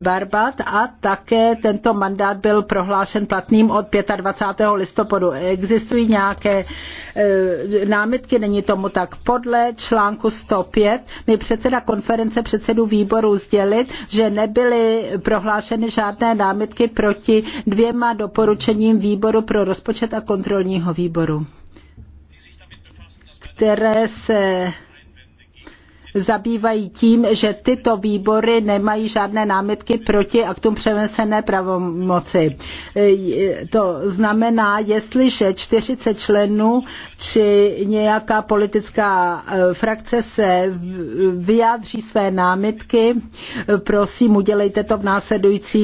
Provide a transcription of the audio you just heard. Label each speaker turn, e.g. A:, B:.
A: Barbat a také tento mandát byl prohlášen platným od 25. listopadu. Existují nějaké e, námitky, není tomu tak. Podle článku 105 mi předseda konference předsedů výboru sdělit, že nebyly prohlášeny žádné námitky proti dvěma doporučením výboru pro rozpočet a kontrolního výboru, které se zabývají tím, že tyto výbory nemají žádné námitky proti aktům přenesené pravomoci. E, to znamená, jestliže 40 členů či nějaká politická e, frakce se vyjádří své námitky, prosím, udělejte to
B: v následujících